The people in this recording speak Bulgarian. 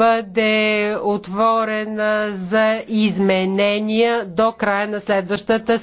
бъде отворена за изменения до края на следващата